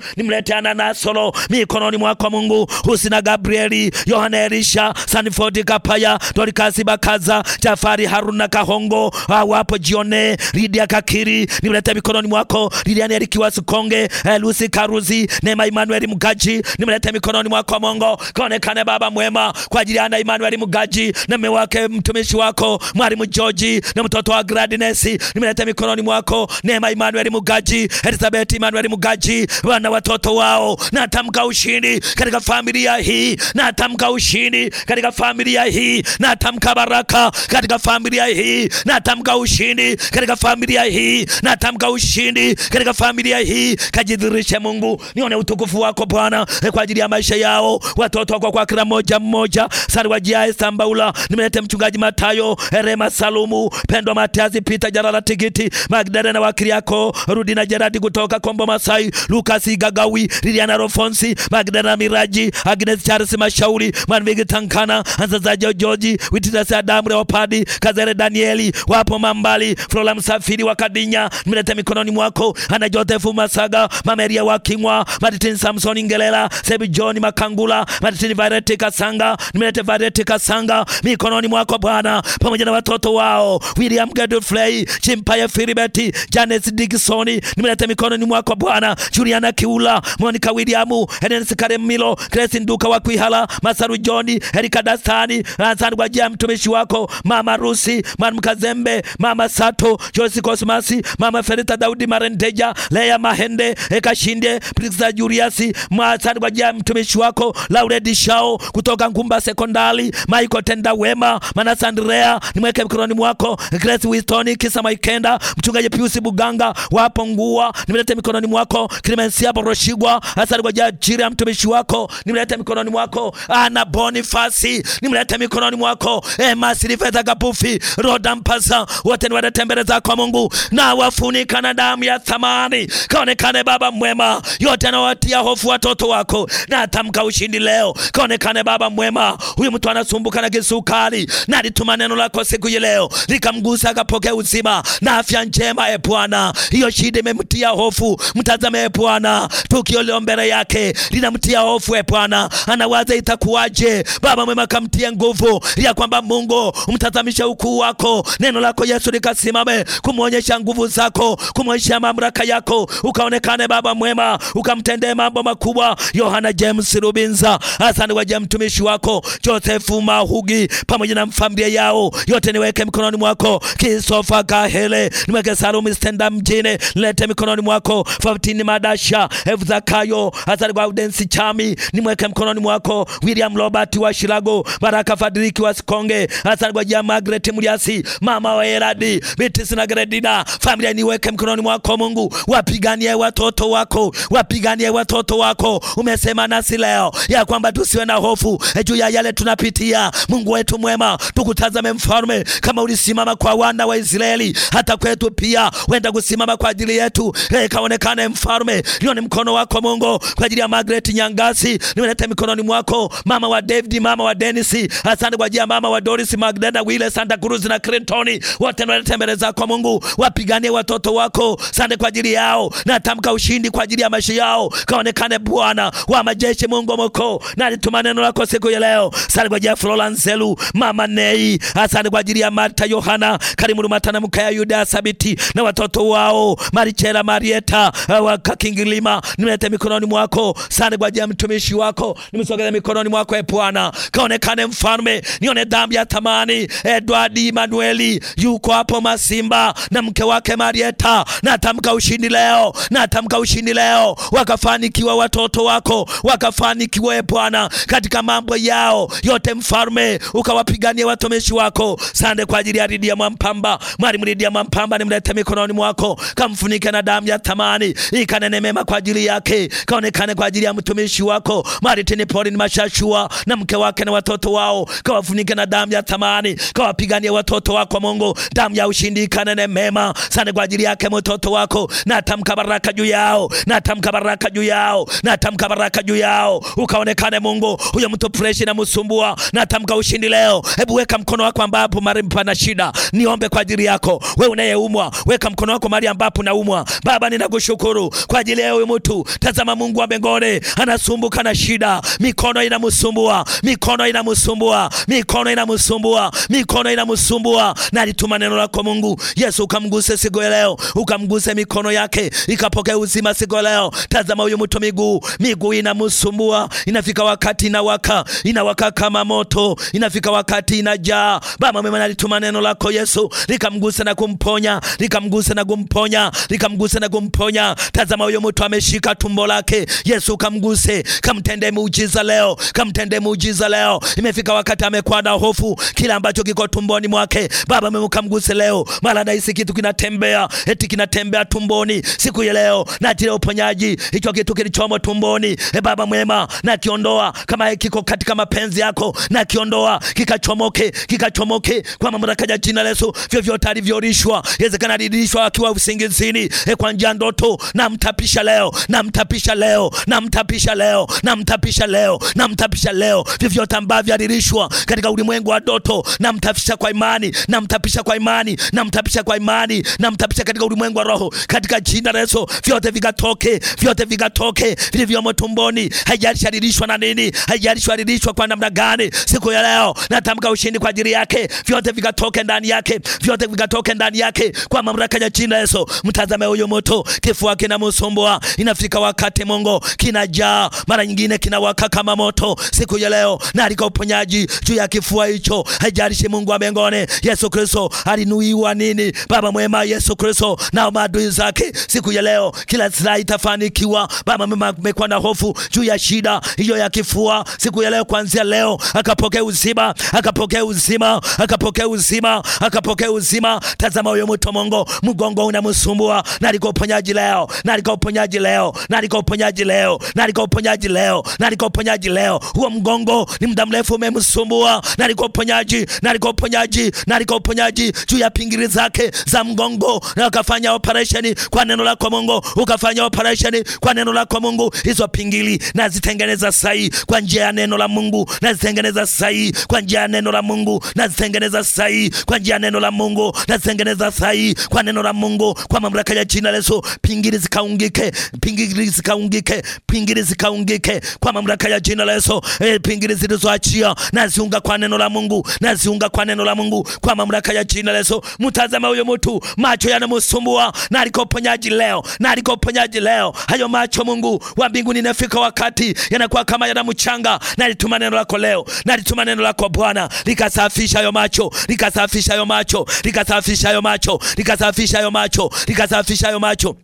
na solo mikononi mwako Mungu, Husina Gabrieli, Yohana Elisha, Sanford Kapaya, Dorikasi Bakaza, Jafari Haruna Kahongo, hawapo jione Lidia Kaki kuhubiri, nimeleta mikononi mwako Liliani Erikiwa Sikonge, eh, Lucy Karuzi, Neema Emmanuel Mugaji, nimeleta mikononi mwako Mungu, kaonekane Baba mwema kwa ajili ya Emmanuel Mugaji na mume wake mtumishi wako Mwalimu George na mtoto wa Gladness, nimeleta mikononi mwako Neema Emmanuel Mugaji, Elizabeth Emmanuel Mugaji, wana watoto wao, na tamka ushindi katika familia hii, na tamka ushindi katika familia hii, na tamka baraka katika familia hii, na tamka ushindi katika familia hii hii, natamka ushindi katika familia hii, kajidhirishe Mungu, nione utukufu wako Bwana eh, kwa ajili ya maisha yao, watoto wako, kwa kila moja mmoja. Sari wa jiae Sambaula, nimeleta mchungaji Matayo, Erema Salumu, Pendo Matiazi, Pita Jarala, Tigiti Magdalena wa Kiriako, na Jeradi kutoka Kombo Masai, Lukas Gagawi, Liliana Rofonsi, Magdalena Miraji, Agnes Charles Mashauri, Manvigi Tankana, Anzaza Jojoji, Witisa Adamu, Leopadi Kazere, Danieli wapo Mambali, Flora Msafiri wakadi minya mlete mikononi mwako. Ana Josefu Masaga, Mameria Kingwa, Martin Samson Ngelela, Sebi John Makangula, Martin Varete Kasanga, mlete Varete Kasanga mikononi mwako Bwana, pamoja na watoto wao William Godfrey, Chimpaya Firibeti, Janes Dickson, mlete mikononi mwako Bwana, Juliana Kiula, Monica Williamu, Enes Karemilo, Grace Nduka wa Kwihala, Masaru John, Erika Dasani, Asante kwa jia mtumishi wako Mama Rusi, Mama Kazembe, Mama Sato, Joyce Cosmas Juliasi, Mama Ferita Daudi Marendeja, Leya Mahende, Ekashinde, Prixa Juliasi, Mwasari wajia mtumishi wako Lauredi Shao kutoka Ngumba Sekondari, Maiko Tenda Wema, Manasa Andrea, nimweke mkononi mwako, Grace Wistoni, Kisa Maikenda, Mchungaji Piusi Buganga, wapo ngua, nimelete mikononi mwako, Clemensia Boroshigwa, Roshigwa, Asari wajia jira mtumishi wako, nimelete mikononi mwako, Ana Bonifasi, nimlete mikononi mwako, Emma Silveta Kapufi, Rodampasa, wote ni wadatembeleza kwa Mungu na wafunika na damu ya thamani. Kaonekane Baba mwema, yote anawatia hofu watoto wako, na atamka ushindi leo. Kaonekane Baba mwema, huyu mtu anasumbuka na kisukari, na alituma neno lako siku hii leo, likamgusa akapokea uzima na afya njema. E Bwana, hiyo shida imemtia hofu, mtazame e Bwana, tukio lio mbele yake linamtia hofu. E Bwana, anawaza itakuwaje. Baba mwema, kamtie nguvu ya kwamba Mungu mtazamishe ukuu wako, neno lako Yesu likasimame kumwonyesha nguvu zako, kumwonyesha mamlaka yako, ukaonekane Baba mwema, ukamtendee mambo makubwa Yohana James Rubinza. Asante kwa mtumishi wako Joseph Mahugi pamoja na familia yao yote, niweke mikononi mwako. Kisofa Kahele, niweke Salumi Stenda mjine, lete mikononi mwako. Fautini Madasha, Evzakayo, asante kwa Udensi Chami, niweke mikononi mwako. William Robert wa Shilago, Baraka Fadriki wa Sikonge, asante kwa Jamaa Margaret Mliasi, mama wa Eladi, Bitis na Gredina Familia niweke mkononi mwako Mungu, wapiganie watoto wako, wapiganie watoto wako. Umesema nasi leo ya kwamba tusiwe na hofu e, juu ya yale tunapitia. Mungu wetu mwema, tukutazame Mfalme, kama ulisimama kwa wana wa Israeli, hata kwetu pia wenda kusimama kwa ajili yetu. e, Kaonekane Mfalme, lione mkono wako Mungu kwa ajili ya Margaret Nyangasi, nimeleta mikononi mwako mama wa David, mama wa Dennis, asante kwa ajili ya mama wa Doris, Magdalena, Wile, Santa Cruz na Clinton, wote nimeleta mbele zako Mungu wapi Wapiganie watoto wako, sande kwa ajili yao, natamka ushindi kwa ajili ya maisha yao, kaonekane Bwana wa majeshi, Mungu wa moko, na nituma neno lako siku ya leo. Sande kwa ajili ya Florence Elu, mama Nei, asante kwa ajili ya Marta, Yohana, Karimu na Mkaya Yuda Sabiti na watoto wao Marichela, Marieta uh, wa Kakingilima, nimeleta mikononi mwako. Sande kwa ajili ya mtumishi wako, nimsogeza mikononi mwako e Bwana, kaonekane mfalme, nione dhambi ya thamani. Edward Manueli yuko hapo Masimba na mke wake Marieta, natamka ushindi leo, natamka ushindi leo. Wakafanikiwa watoto wako, wakafanikiwa e Bwana katika mambo yao yote, mfalme ukawapigania watumishi wako. Sande kwa ajili ya Lidia Mwampamba, mwalimu Lidia Mwampamba, nimlete mikononi mwako, kamfunike na damu ya thamani, ikanene mema kwa ajili yake, kaonekane kwa ajili ya mtumishi wako Maritini Pauline Mashashua na mke wake na watoto wao, kawafunike na damu ya thamani, kawapigania watoto wako Mungu, damu ya ushindi ikanene mema sana kwa ajili yake mtoto wako, natamka baraka juu yao, natamka baraka juu yao, natamka baraka juu yao, ukaonekane Mungu. Huyo mtu pressure na msumbua, natamka ushindi leo. Hebu weka mkono wako ambapo mahali pana shida, niombe kwa ajili yako. Wewe unayeumwa, weka mkono wako mahali ambapo naumwa. Baba, ninakushukuru kwa ajili ya huyo mtu. Tazama, Mungu wa mbinguni anasumbuka na shida, mikono inamsumbua, mikono inamsumbua, mikono inamsumbua, mikono inamsumbua, na alituma neno lako Mungu Yesu, ukamguse mguse siku ya leo, ukamguse mikono yake ikapokea uzima siku ya leo. Tazama huyu mtu miguu, miguu inamsumbua, inafika wakati inawaka, inawaka kama moto, inafika wakati inajaa. Baba mwema, alituma neno lako Yesu likamguse na kumponya, likamguse na kumponya, likamguse na kumponya. Tazama huyu mtu ameshika tumbo lake, Yesu kamguse, kamtende muujiza leo, kamtende muujiza leo. Imefika wakati amekuwa na hofu, kila ambacho kiko tumboni mwake, Baba mwema, kamguse leo, mara na hisi kitu kinat kinatembea, eti kinatembea tumboni siku ya leo, na ajili uponyaji hicho kitu kilichomo tumboni. E Baba mwema, na kiondoa kama kiko katika mapenzi yako, na kiondoa kikachomoke, kikachomoke kwa mamlaka ya jina la Yesu. Vyovyote alivyorishwa, yawezekana alirishwa akiwa usingizini, e, kwa njia ndoto, na mtapisha leo, na mtapisha leo, na mtapisha leo, na mtapisha leo, na mtapisha leo, vyovyote ambavyo alirishwa katika ulimwengu wa ndoto, na mtapisha kwa imani, na mtapisha kwa imani, na mtapisha kwa imani na mtapisha katika ulimwengu wa roho, katika jina la Yesu, vyote vikatoke, vyote vikatoke vilivyomo tumboni, haijalishalilishwa na nini, haijalishwalilishwa kwa namna gani. Siku ya leo natamka ushindi kwa ajili yake, vyote vikatoke ndani yake, vyote vikatoke ndani yake kwa mamlaka ya jina la Yesu. Mtazame huyo moto, kifua kinamsumbua, inafika wakati Mungu kinajaa, mara nyingine kinawaka kama moto. Siku ya leo na alika uponyaji juu ya kifua hicho, haijalishi Mungu wa mbinguni, Yesu Kristo alinuiwa nini, baba mwema neema ya Yesu Kristo na maadui zake siku ya leo. Kila silaha itafanikiwa. Baba, mama amekuwa na hofu juu ya shida hiyo ya kifua siku ya leo, kuanzia leo akapokea uzima, akapokea uzima, akapokea uzima, akapokea uzima. Tazama huyo mtu Mungu, mgongo unamsumbua, na liko uponyaji leo, na liko uponyaji leo, na liko uponyaji leo, na liko uponyaji leo, na liko uponyaji leo. Huo mgongo ni muda mrefu umemsumbua, na liko uponyaji, na liko uponyaji, na liko uponyaji juu ya pingili zake za mgongo Mungu na ukafanya operation kwa neno lako Mungu, ukafanya operation kwa neno lako Mungu. Hizo pingili na zitengeneza sahi kwa njia ya neno la Mungu, na zitengeneza sahi kwa njia ya neno la Mungu, na zitengeneza sahi kwa njia ya neno la Mungu, na zitengeneza sahi kwa neno la Mungu, kwa mamlaka ya jina la Yesu. Pingili zikaungike, pingili zikaungike, pingili zikaungike kwa mamlaka ya jina la Yesu. E, pingili zilizoachia na ziunga kwa neno la Mungu, na ziunga kwa neno la Mungu, kwa mamlaka ya jina la Yesu. Mtazama huyo mtu macho yanamsumbua, na aliko ponyaji leo, na aliko ponyaji leo. Hayo macho Mungu wa mbinguni, inafika wakati yanakuwa kama mchanga. na alituma neno lako leo, na alituma neno lako Bwana, likasafisha hayo macho, likasafisha hayo macho, likasafisha hayo macho, likasafisha hayo macho, likasafisha hayo macho, lika macho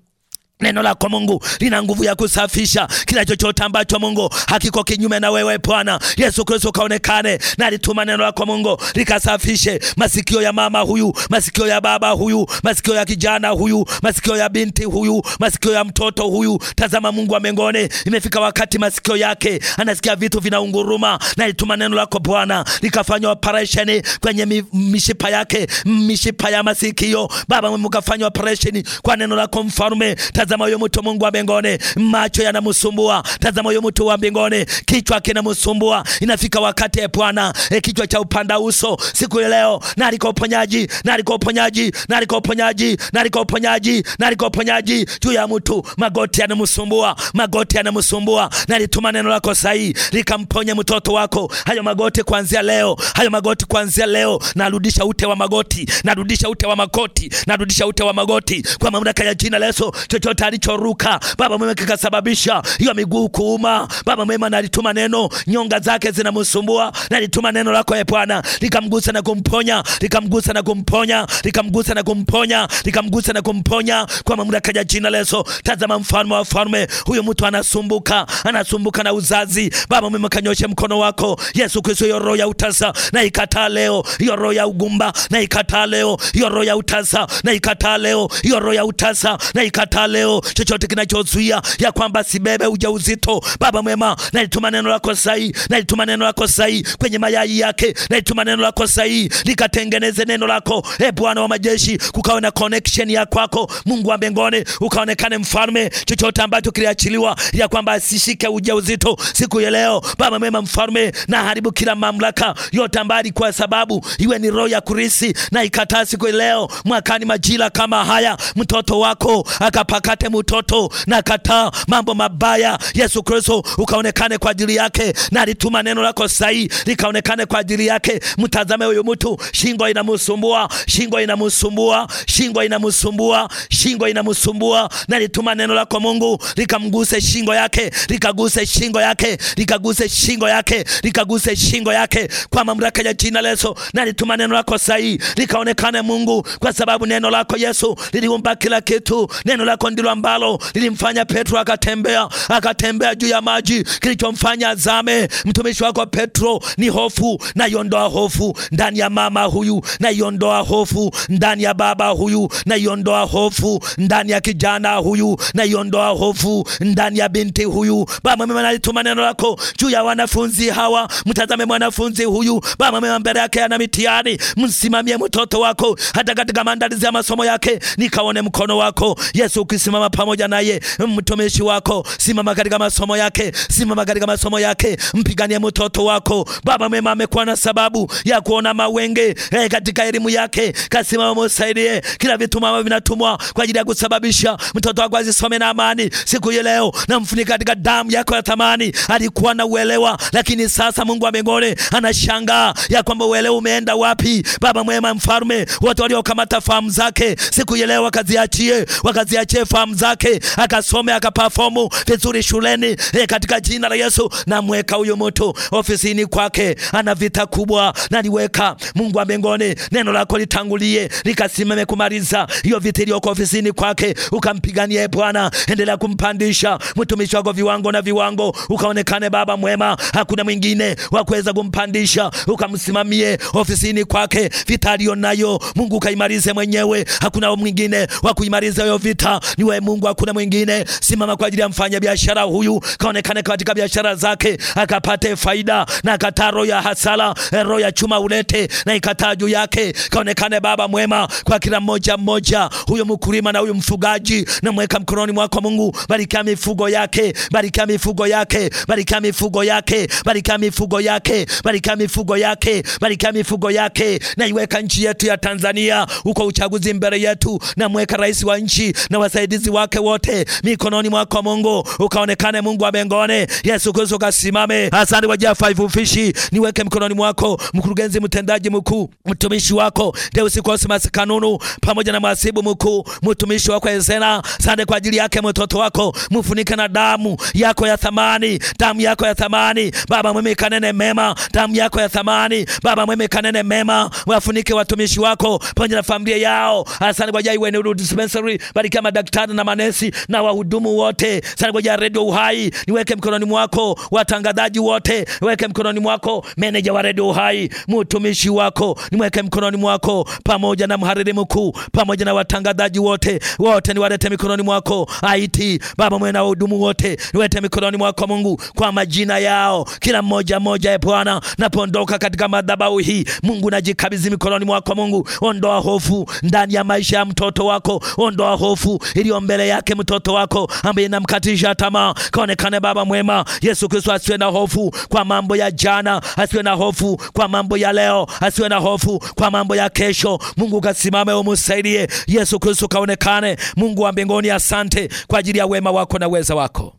Neno lako Mungu lina nguvu ya kusafisha kila chochote ambacho Mungu hakiko kinyume na wewe Bwana Yesu Kristo, kaonekane na alituma neno lako Mungu likasafishe masikio ya mama huyu, masikio ya baba huyu, masikio ya kijana huyu, masikio ya binti huyu, masikio ya mtoto huyu. Tazama Mungu wa mengone, imefika wakati masikio yake anasikia vitu vinaunguruma, na alituma neno lako Bwana likafanywa operation kwenye mishipa yake, mishipa ya masikio Baba, mkafanywa operation kwa neno lako mfarume Tazama huyo mtu Mungu wa mbinguni, macho yanamsumbua. Tazama huyo mtu wa mbinguni, kichwa kinamsumbua. Inafika wakati e Bwana, e kichwa cha upanda uso siku ya leo, na alikuwa uponyaji, na alikuwa uponyaji, na alikuwa uponyaji, na alikuwa uponyaji, na alikuwa uponyaji juu ya mtu. Magoti yanamsumbua, magoti yanamsumbua, na alituma neno lako sahi likamponya mtoto wako. Hayo magoti kuanzia leo, hayo magoti kuanzia leo, narudisha ute wa magoti, narudisha ute wa magoti, narudisha ute wa magoti kwa mamlaka ya jina la Yesu chochote chochote alichoruka Baba mwema kikasababisha hiyo miguu kuuma. Baba mwema, nalituma neno, nyonga zake zinamsumbua, nalituma neno lako ye ee Bwana likamgusa na kumponya, likamgusa na kumponya, likamgusa na kumponya, likamgusa na kumponya kwa mamlaka ya jina la Yesu. Tazama mfalme wa falme, huyo mtu anasumbuka, anasumbuka na uzazi. Baba mwema, kanyoshe mkono wako Yesu Kristo, hiyo roho ya utasa na ikataa leo, hiyo roho ya ugumba na ikataa leo, hiyo roho ya utasa na ikataa leo, hiyo roho ya utasa na ikataa leo leo, chochote kinachozuia ya kwamba sibebe ujauzito, Baba mwema, nalituma neno lako sahi, nalituma neno lako sahi kwenye mayai yake, nalituma neno lako sahi likatengeneze neno lako. E Bwana wa majeshi, kukawe na connection ya kwako, Mungu wa mbinguni, ukaonekane mfalme. Chochote ambacho kiliachiliwa ya kwamba asishike ujauzito siku ya leo, Baba mwema, mfalme, na haribu kila mamlaka yote ambayo kwa sababu iwe ni roho ya kurisi na ikataa siku leo, mwakani majira kama haya mtoto wako akapaka upate mtoto na kataa mambo mabaya. Yesu Kristo ukaonekane kwa ajili yake, na alituma neno lako sahi likaonekane kwa ajili yake. Mtazame huyu mtu, shingo inamsumbua, shingo inamsumbua, shingo inamsumbua, shingo inamsumbua, na alituma neno lako Mungu likamguse shingo yake, likaguse shingo yake, likaguse shingo yake, likaguse shingo yake kwa mamlaka ya jina la Yesu, na alituma neno lako sahi likaonekane Mungu, kwa sababu neno lako Yesu liliumba kila kitu, neno lako ndilo ndilo ambalo lilimfanya Petro akatembea akatembea juu ya maji. Kilichomfanya azame mtumishi wako Petro ni hofu. Naiondoa hofu ndani ya mama huyu, naiondoa hofu ndani ya baba huyu, naiondoa hofu ndani ya kijana huyu, naiondoa hofu ndani ya binti huyu. Baba mimi nalituma neno lako juu ya wanafunzi hawa. Mtazame mwanafunzi huyu, Baba mimi, mbele yake ana mitihani. Msimamie mtoto wako hata katika maandalizi ya masomo yake, nikaone mkono wako Yesu ukisimama simama pamoja naye, mtumishi wako, simama katika masomo yake, simama katika masomo yake, mpiganie mtoto wako. Baba mwema, amekuwa na sababu ya kuona mawenge eh, katika elimu yake, kasimama msaidie. Kila vitu mama vinatumwa kwa ajili ya kusababisha mtoto wako asisome na amani siku hiyo leo, namfunika katika damu yako ya thamani. Alikuwa na uelewa, lakini sasa Mungu wa mbinguni anashangaa ya kwamba uelewa umeenda wapi. Baba mwema, mfalme, watu waliokamata fahamu zake siku hiyo leo wakaziachie, wakaziachie fahamu zake akasome akapafomu vizuri shuleni e, katika jina la Yesu namweka huyo moto ofisini kwake, ana vita kubwa, naliweka Mungu wa mbinguni, neno lako litangulie likasimame kumaliza hiyo vita iliyoko ofisini kwake, ukampiganie Bwana, endelea kumpandisha mtumishi wako viwango na viwango, ukaonekane baba mwema, hakuna mwingine wa kuweza kumpandisha, ukamsimamie ofisini kwake, vita aliyonayo Mungu kaimalize mwenyewe, hakuna mwingine wa kuimaliza hiyo vita ni iwe Mungu hakuna mwingine. Simama kwa ajili ya mfanya biashara huyu, kaonekane katika biashara zake akapate faida, na kataa roho ya hasara, eh, roho ya chuma ulete na ikataa juu yake. Kaonekane baba mwema kwa kila mmoja mmoja, huyo mkulima na huyo mfugaji, na mweka mkononi mwako Mungu. Barikia mifugo yake, barikia mifugo yake, barikia mifugo yake, barikia mifugo yake, barikia mifugo yake, barikia mifugo yake, na iweka nchi yetu ya Tanzania uko uchaguzi mbele yetu, na mweka rais wa nchi na wasaidizi usingizi wake wote mikononi mwako Mungu, ukaonekane Mungu wa mbinguni. Yesu Kristo kasimame. Asante kwa Five Fish, niweke mikononi mwako mkurugenzi mtendaji mkuu mtumishi wako Deus Cosmas Kanunu pamoja na mhasibu mkuu mtumishi wako Ezena. Asante kwa ajili yake mtoto wako, mfunike na damu yako ya thamani, damu yako ya thamani Baba mwema, kanene mema, damu yako ya thamani Baba mwema, kanene mema, wafunike watumishi wako pamoja na familia yao. Asante kwa ajili ya Dispensary, bariki madaktari madaktari na manesi na wahudumu wote sana sanagoja Radio Uhai, niweke mkononi mwako watangazaji wote, niweke mkononi mwako meneja wa Radio Uhai, mtumishi wako niweke mkononi mwako, pamoja na mhariri mkuu, pamoja na watangazaji wote wote, niwalete mikononi mwako. IT Baba mwe na wahudumu wote, niwete mikononi mwako Mungu, kwa majina yao, kila mmoja mmoja. E Bwana, napondoka katika madhabahu hii Mungu, najikabidhi mikononi mwako Mungu. Ondoa hofu ndani ya maisha ya mtoto wako, ondoa hofu iliyo leo mbele yake mtoto wako ambaye namkatisha tamaa, kaonekane Baba mwema. Yesu Kristo asiwe na hofu kwa mambo ya jana, asiwe na hofu kwa mambo ya leo, asiwe na hofu kwa mambo ya kesho. Mungu kasimame, umsaidie. Yesu Kristo kaonekane. Mungu wa mbinguni, asante kwa ajili ya wema wako na uweza wako.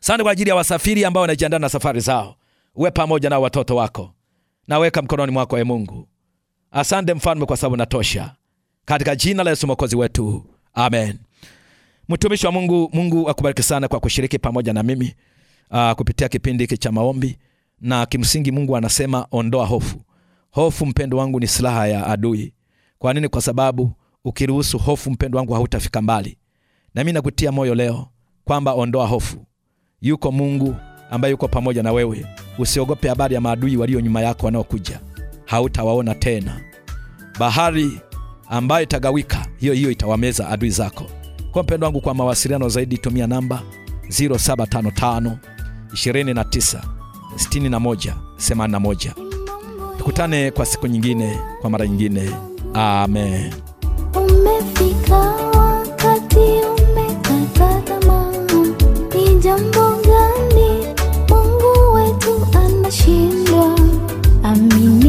Asante kwa ajili ya wasafiri ambao wanajiandaa na safari zao, uwe pamoja na watoto wako, naweka mkononi mwako e Mungu. Asante mfalme, kwa sababu natosha, katika jina la Yesu mwokozi wetu, amen. Mtumishi wa Mungu, Mungu akubariki sana kwa kushiriki pamoja na mimi uh, kupitia kipindi hiki cha maombi, na kimsingi Mungu anasema ondoa hofu. Hofu mpendo wangu ni silaha ya adui. Kwa nini? Kwa sababu ukiruhusu hofu, mpendo wangu, hautafika mbali. Nami nakutia moyo leo kwamba ondoa hofu. Yuko Mungu ambaye yuko pamoja na wewe. Usiogope habari ya maadui walio nyuma yako wanaokuja, hautawaona tena. Bahari ambayo itagawika, hiyo hiyo itawameza adui zako. Kwa mpendo wangu, kwa mawasiliano zaidi tumia namba 0755296181 Tukutane kwa siku nyingine, kwa mara nyingine. Amen. Umefika wakati umekata tamaa, ni jambo gani Mungu wetu anashindwa? Amina.